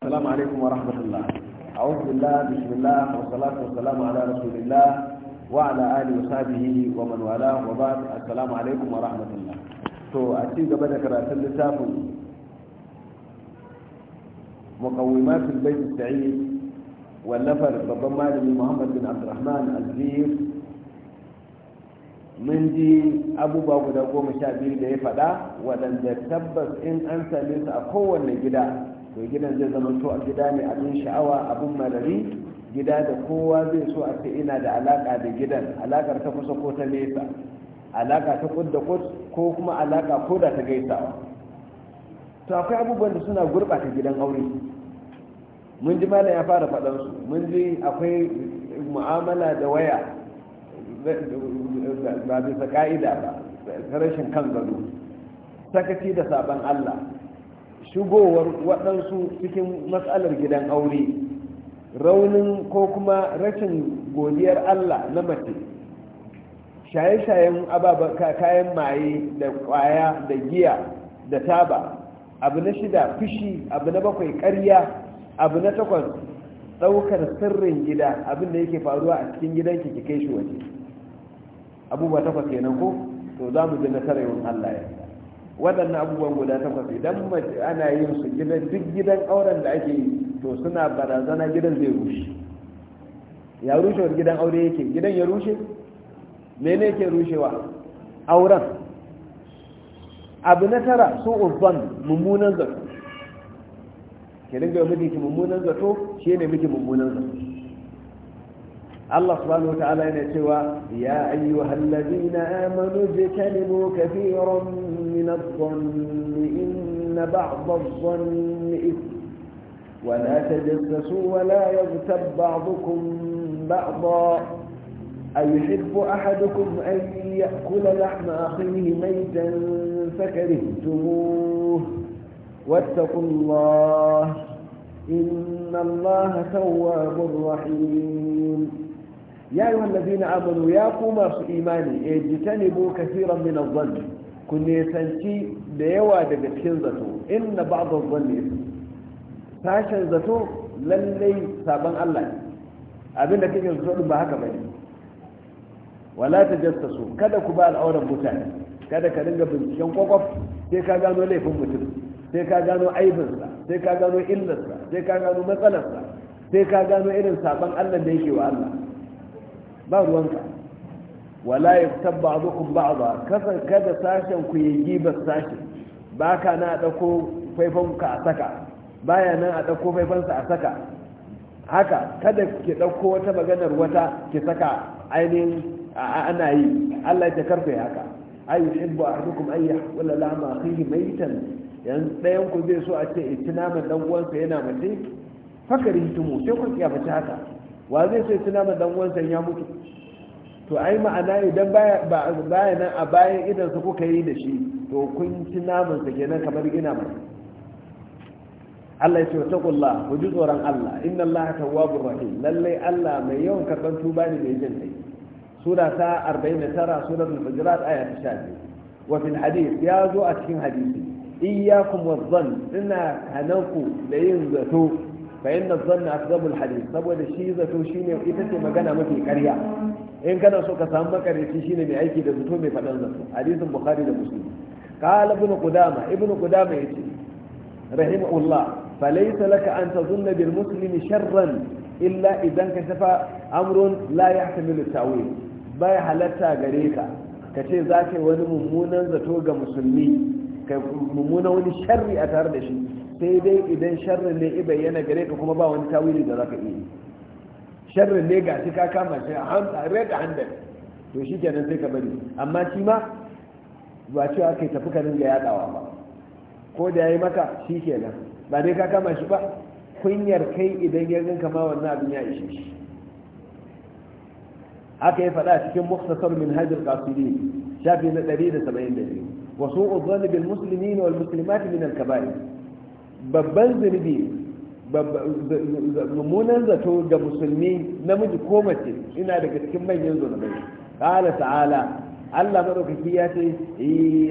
السلام عليكم ورحمة الله أعوذ بالله بسم الله والصلاة والسلام على رسول الله وعلى آله وصحبه ومن والاه وبعد السلام عليكم ورحمة الله to a ci gaba da karatun littafin muqawwimatul bayt sa'id wallafar babban malami Muhammad bin Abdurrahman Azbir mun ji abubuwa guda goma sha biyu da ya faɗa waɗanda tabbas in an same a kowanne gida to gidan zai zama to gida ne abin sha'awa abin marari gida da kowa zai so a ce ina da alaka da gidan alakar ta kusa ko ta nesa alaka ta kud da kud ko kuma alaka ko da ta gaisawa to akwai abubuwan da suna gurɓata gidan aure mun ji malam ya fara faɗan su mun ji akwai mu'amala da waya ba bisa ka'ida ba rashin kan gado sakaci da sabon allah shigowar waɗansu cikin matsalar gidan aure raunin ko kuma rashin godiyar allah na mace shaye-shayen kayan maye da ƙwaya da giya da taba abu na shida fushi abu na bakwai karya abu na takwas ɗaukar sirrin gida abin da yake faruwa a cikin gidanki ki kai shi waje abubuwa takwas kenan ko to za mu ji nasarar yawan allah ya waɗannan abubuwan guda takwas idan mace ana yin su gidan duk gidan auren da ake yi to suna barazana gidan zai rushe ya rushe wani gidan aure yake gidan ya rushe mene yake rushewa auren abu na tara su urban mummunan zato ke dinga miki mummunan zato shi ne muke mummunan zato الله سبحانه وتعالى نتوى يا أيها الذين آمنوا اجتنبوا كثيرا من الظن إن بعض الظن إثم ولا تجسسوا ولا يغتب بعضكم بعضا أيحب أحدكم أن يأكل لحم أخيه ميتا فكرهتموه واتقوا الله إن الله تواب رحيم ya yi wallazi na amanu ya koma su imani e jitanibu kasiran min azzanni ku nesanci da yawa daga cikin zato inna ba'd azzanni sashen zato lallai sabon Allah ne abinda kake zato ba haka bane wala tajassasu kada ku ba al'auran mutane kada ka dinga binciken kwakwaf sai ka gano laifin mutum sai ka gano aibinsa sai ka gano illarsa sai ka gano matsalarsa sai ka gano irin sabon Allah da yake wa Allah ba ruwanka wala ya ba zukun ba'aba kasar kada sashen ku yi gibar sashe ba ka na ɗako faifan ka a saka baya nan a ɗako faifansa a saka haka kada ki ɗauko wata maganar wata ki saka ainihin ana yi allah ya karfe haka ayi hibbu ahadukum an yahwala lama akhihi maytan yan ɗayan ku zai so a ce itina dan uwansa yana mace fakarin tumu sai ku kiyamace haka wa zai sai suna ma dan uwansa ya mutu to ai ma'ana idan baya nan a bayan idan su kuka yi da shi to kun ci naman sa kenan kamar gina ba. Allah ya ce wa taqullah ku ji tsoron Allah inna Allah tawwabur rahim lalle Allah mai yawan karban tuba ne mai jin arba'in sura ta 49 suratul hujurat aya ta 12 wa fil hadith ya zo a cikin hadisi iyyakum wadh-dhann ina hanaku da yin zato fa inna dhanna akdabul saboda shi zato shine ita ce magana mafi ƙarya in kana so ka samu makareci shine mai aiki da zato mai faɗan zato hadisin bukhari da muslim qala ibn qudama ibn qudama yace rahimahullah falaysa laka an tadhunna bil muslimi sharran illa idan ka tafa amrun la yahtamilu ta'wil bai halatta gare ka ka ce za ka yi wani mummunan zato ga musulmi ka mummunan wani sharri a tare da shi sai dai idan sharrin ne i bayyana gare ka kuma ba wani tawili da za ka iya sharrin ne ga shi ka kama shi a da hannun to shi kenan sai ka bari amma shi ma ba cewa yi tafi ka ringa yadawa ba ko da ya yi maka shi kenan ba dai ka kama shi ba kunyar kai idan ya rinka ma wannan abin ya ishe shi Aka yi faɗa cikin muktasar min hajjar kasiri shafi na 172 wasu uzzani bil muslimin wal musulmati min al babban zunubi mummunan zato ga musulmi namiji ko mace ina daga cikin manyan zunubai qala ta'ala Allah madaukaki ya ce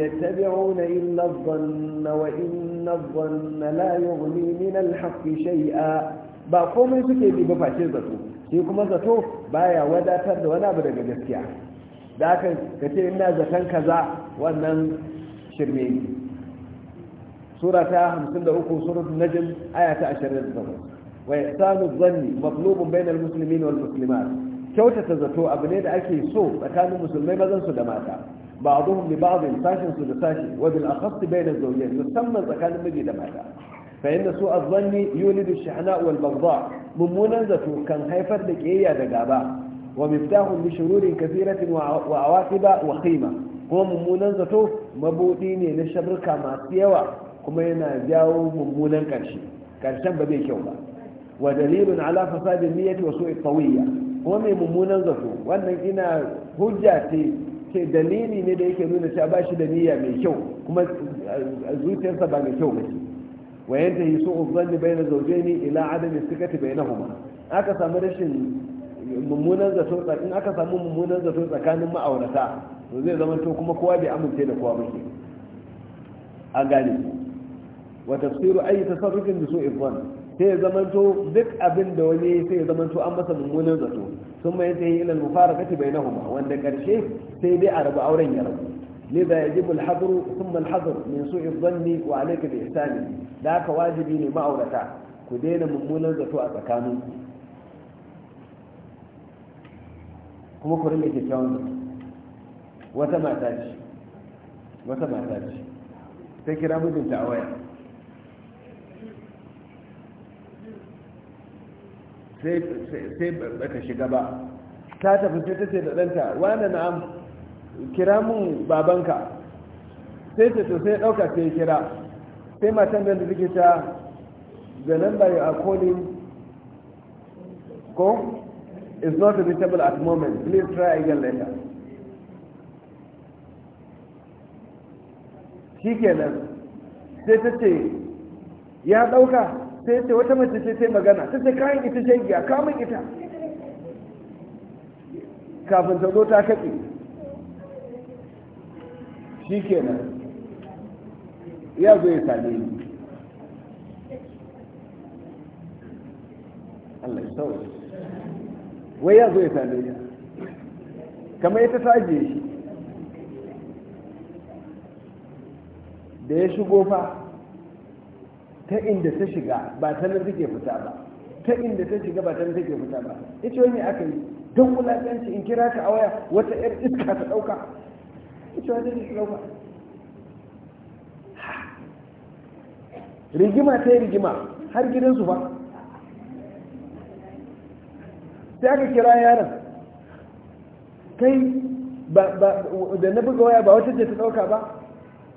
yattabi'una illa dhanna wa inna dhanna la yughni min al-haqq ba komai suke bi ba face zato Sai kuma zato baya wadatar da wani abu daga gaskiya da aka kace ina zaton kaza wannan shirme ne sura ta 53 suratul najm aya ta 28 wa ihsanu dhanni matlubun bainal muslimin wal muslimat kyautata zato abu ne da ake so tsakanin musulmai mazan su da mata ba'dhum li ba'dhin sashin su da sashi wa bil akhas bainal zawjayn musamman tsakanin miji da mata fa inna su adhanni yulidu ash wal baghdha mummunan zato kan haifar da kiyayya da gaba wa miftahu li shururin kathiratin wa awaqiba wa khima kuma mummunan zato mabudi ne na shabarka masu yawa kuma yana jawo mummunan ƙarshe ƙarshen ba zai kyau ba wa dalilin ala fasadin niyyati wa su'i tawiyya ko mai mummunan zato wannan ina hujja ce ce dalili ne da yake nuna cewa ba shi da niyya mai kyau kuma eh, zuciyarsa ba mai kyau ba ce wa yantahi su'u dhanni bayna zawjaini ila adami sikati bainahuma aka samu rashin mummunan zato in aka samu mummunan zato tsakanin ma'aurata to zai zama to kuma kowa bai amince da kowa ba ke a gane wa tafsiru ayi tasarrufin da su ifwan sai ya to duk abin da wani sai ya to an masa mummunan zato sun mai sai ila al-mufarakati bainahuma wanda karshe sai dai a rabu auren ya rabu لذا يجب الحظر ثم الحظر من da ka wajibi ne ma'aurata ku لما mummunan zato a tsakanin ku kuma ku rinda kyakkyawan zato wata mata ce wata mata ce ta kira mijinta a waya sai bata shiga ba ta tafi sai ta ce da danta. wane na'am kira mun babanka sai ta to sai ɗauka sai kira sai matan da take ta the number you are calling ko is not available at the moment please try again later shikenan sai ta ce ya ɗauka sai ce wata mace ce sai magana ta ce kayan ita shegiya kamun ita kafin ta zo ta kaɗe shi kenan ya zo ya same ni Allah ya sauwa wai ya zo ya same ni kamar ya ta ajiye shi da ya shigo fa ta inda ta shiga ba ta nan take fita ba ta inda ta shiga ba ta nan take fita ba ita ce wani aka yi don wulaƙanci in kira ka a waya wata 'yar iska ta ɗauka ita ce wani ta ɗauka rigima ta yi rigima har gidansu ba sai aka kira yaron kai da na buga waya ba wata ce ta ɗauka ba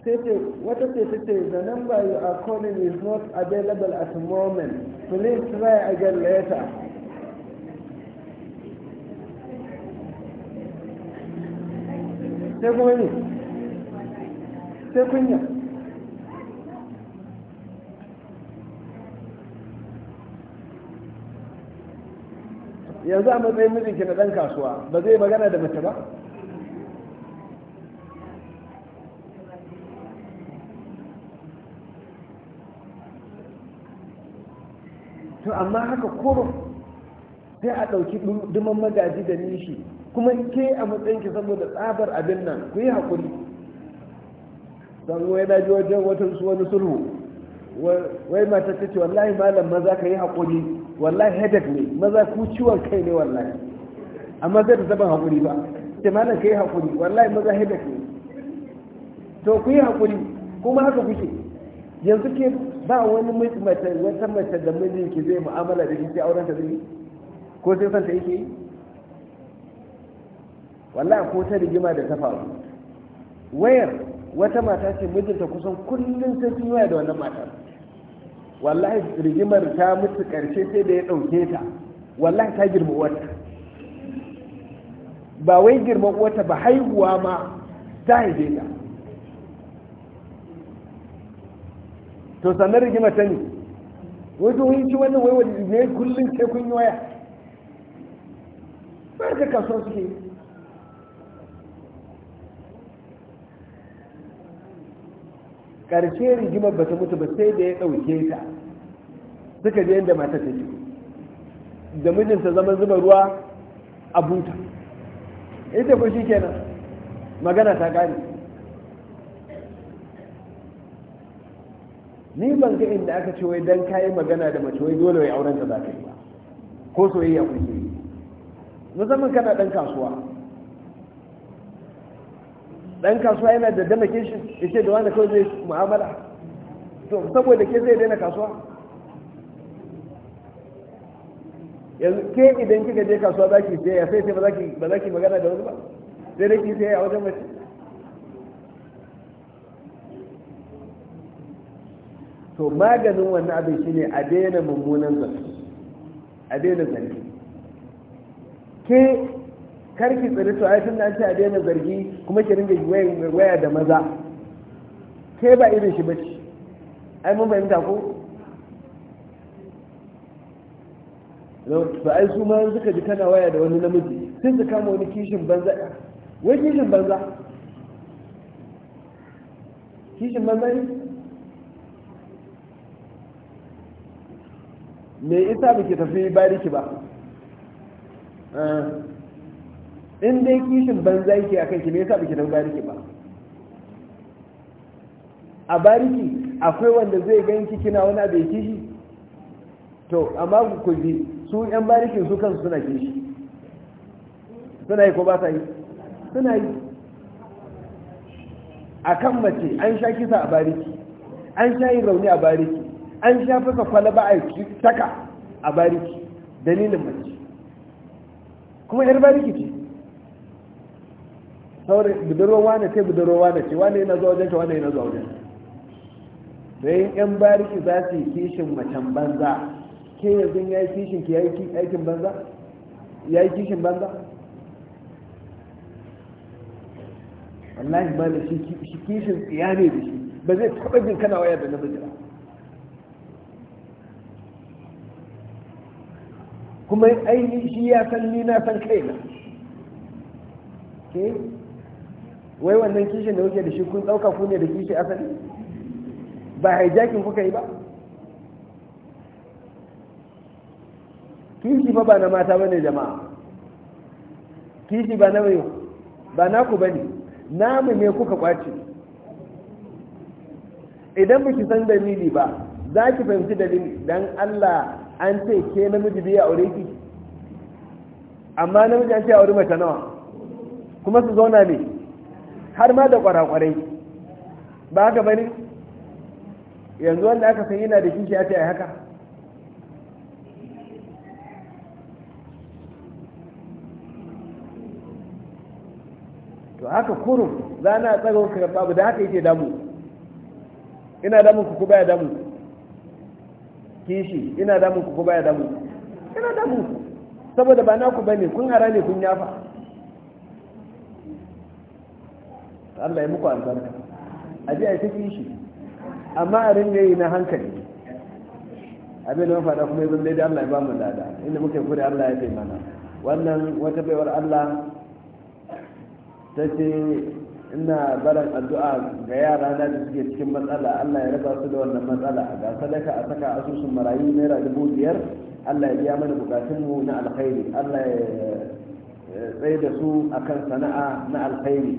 sai ce wata ce ta ce the number you are calling is not available at the moment please try again later sai kuma ne sai kunya yanzu a matsayin mijinki na ɗan kasuwa ba zai magana da mace ba to amma haka kurum sai a ɗauki duman magaji da nishi kuma ke a matsayinki saboda tsabar abin nan ku yi haƙuri don wai na ji wajen watan su wani sulhu wai mata ta ce wallahi malam maza ka yi haƙuri wallahi headache ne maza ku ciwon kai ne wallahi amma zai da zaban haƙuri ba ce malam ka yi haƙuri wallahi maza headache ne to ku yi haƙuri kuma haka kuke yanzu ke ba wani mace wata mace da mijin ki zai mu'amala da shi auren ta zai ko sai san ta yake yi wallahi ko ta rigima da ta faru wayar wata mata ce mijinta kusan kullun sai sun waya da wannan matar wallahi rigimar ta mutu karshe sai da ya ɗauke ta wallahi ta girma wata? ba wai girma wata ba haihuwa ma ta haife ta to sannan rigima ta ne wai to wani ci wannan wai wani ne kullum sai kun yi waya ba ka kasuwa suke yi ƙarshe ba ta mutu ba sai da ya ɗauke ta suka je yadda mata ta take da mijinta zama zuba ruwa a buta ita ku shi kenan magana ta ƙare ni ban ga inda aka ce wai dan kayi magana da mace wai dole wai auren ta za yi ba ko soyayya kuke yi musamman kana dan kasuwa dan kasuwa yana da demarcation yace da wanda kawai zai mu'amala to saboda ke zai daina kasuwa yanzu ke idan kika je kasuwa zaki je sai ya sai ba za ki magana da wani ba sai dai ki sai a wajen mace to maganin wannan abin shine a daina mummunan zafi? a daina zargi ke karki tsari to aikin da an ce a daina zargi kuma ki ringa waya da maza ke ba irin shi bace ai mun fahimta ko ba ai su ma suka ji kana waya da wani namiji sun su kama wani kishin banza wai kishin banza kishin banza ne me isa ba tafi bariki ba eh. in dai kishin banza yake a kanki me isa ba tafi bariki ba a bariki akwai wanda zai ganki kina wani abu ya kishi to amma ku ji su yan barikin su kansu suna kishi suna yi ko ba sa yi suna yi a kan mace an sha kisa a bariki an sha yi rauni a bariki an sha fasa kwalaba a taka a bariki dalilin mace kuma yar bariki ce saurin budurwa wane ce budurwa wane ce wane yana zuwa ta wane yana zuwa wajenta sai yan bariki za su yi kishin macen banza ke yanzu ya yi kishin ki ya yi aikin banza ya yi kishin banza wallahi ma da shi kishin tsiya ne da shi ba zai taɓa jin kana waya da namiji ba kuma aini shi ya san ni na san kaina ke wai wannan kishin da kuke da shi kun ɗauka ku ne da kishi asali ba hijacking kuka yi ba kishi fa ba na mata bane jama'a kishi ba na mai ba naku bane namu me kuka kwace idan ba ki san dalili ba za ki fahimci dalili don Allah an ce ke namiji biya wuri ki amma namiji an ce a wuri mace nawa kuma su zauna ne har ma da kwarakwarai ba haka bane yanzu wanda aka san yana da kishi a ce a haka to haka kurum na tsaro ka babu da haka yake damu ina damun ku ku baya damu kishi ina damu ku ko baya damu? ina damu. saboda ba naku bane kun hara ne kun yafa Allah ya muku albarka a a ta kishi amma a ringa yi na hankali abin da mafaɗa kuma yanzu daidai Allah ya ba mu lada inda muke kure Allah ya taimaka. wannan wata baiwar Allah ta ce ina barin addu'a ga yara na da suke cikin matsala Allah ya raba su da wannan matsala ga sadaka a saka asusun marayu naira dubu biyar Allah ya biya mana bukatunmu na alkhairi Allah ya tsaye da su akan sana'a na alkhairi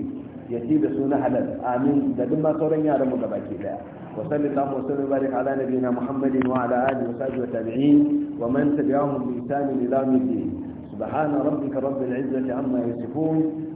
ya ci da su na halal amin da duk sauran yaran mu gabaki daya wa sallallahu wasallam barik ala nabiyina muhammadin wa ala alihi wa sahbihi wa tabi'in wa man tabi'ahum bi ihsan ila yawm الدين سبحان ربك رب amma عما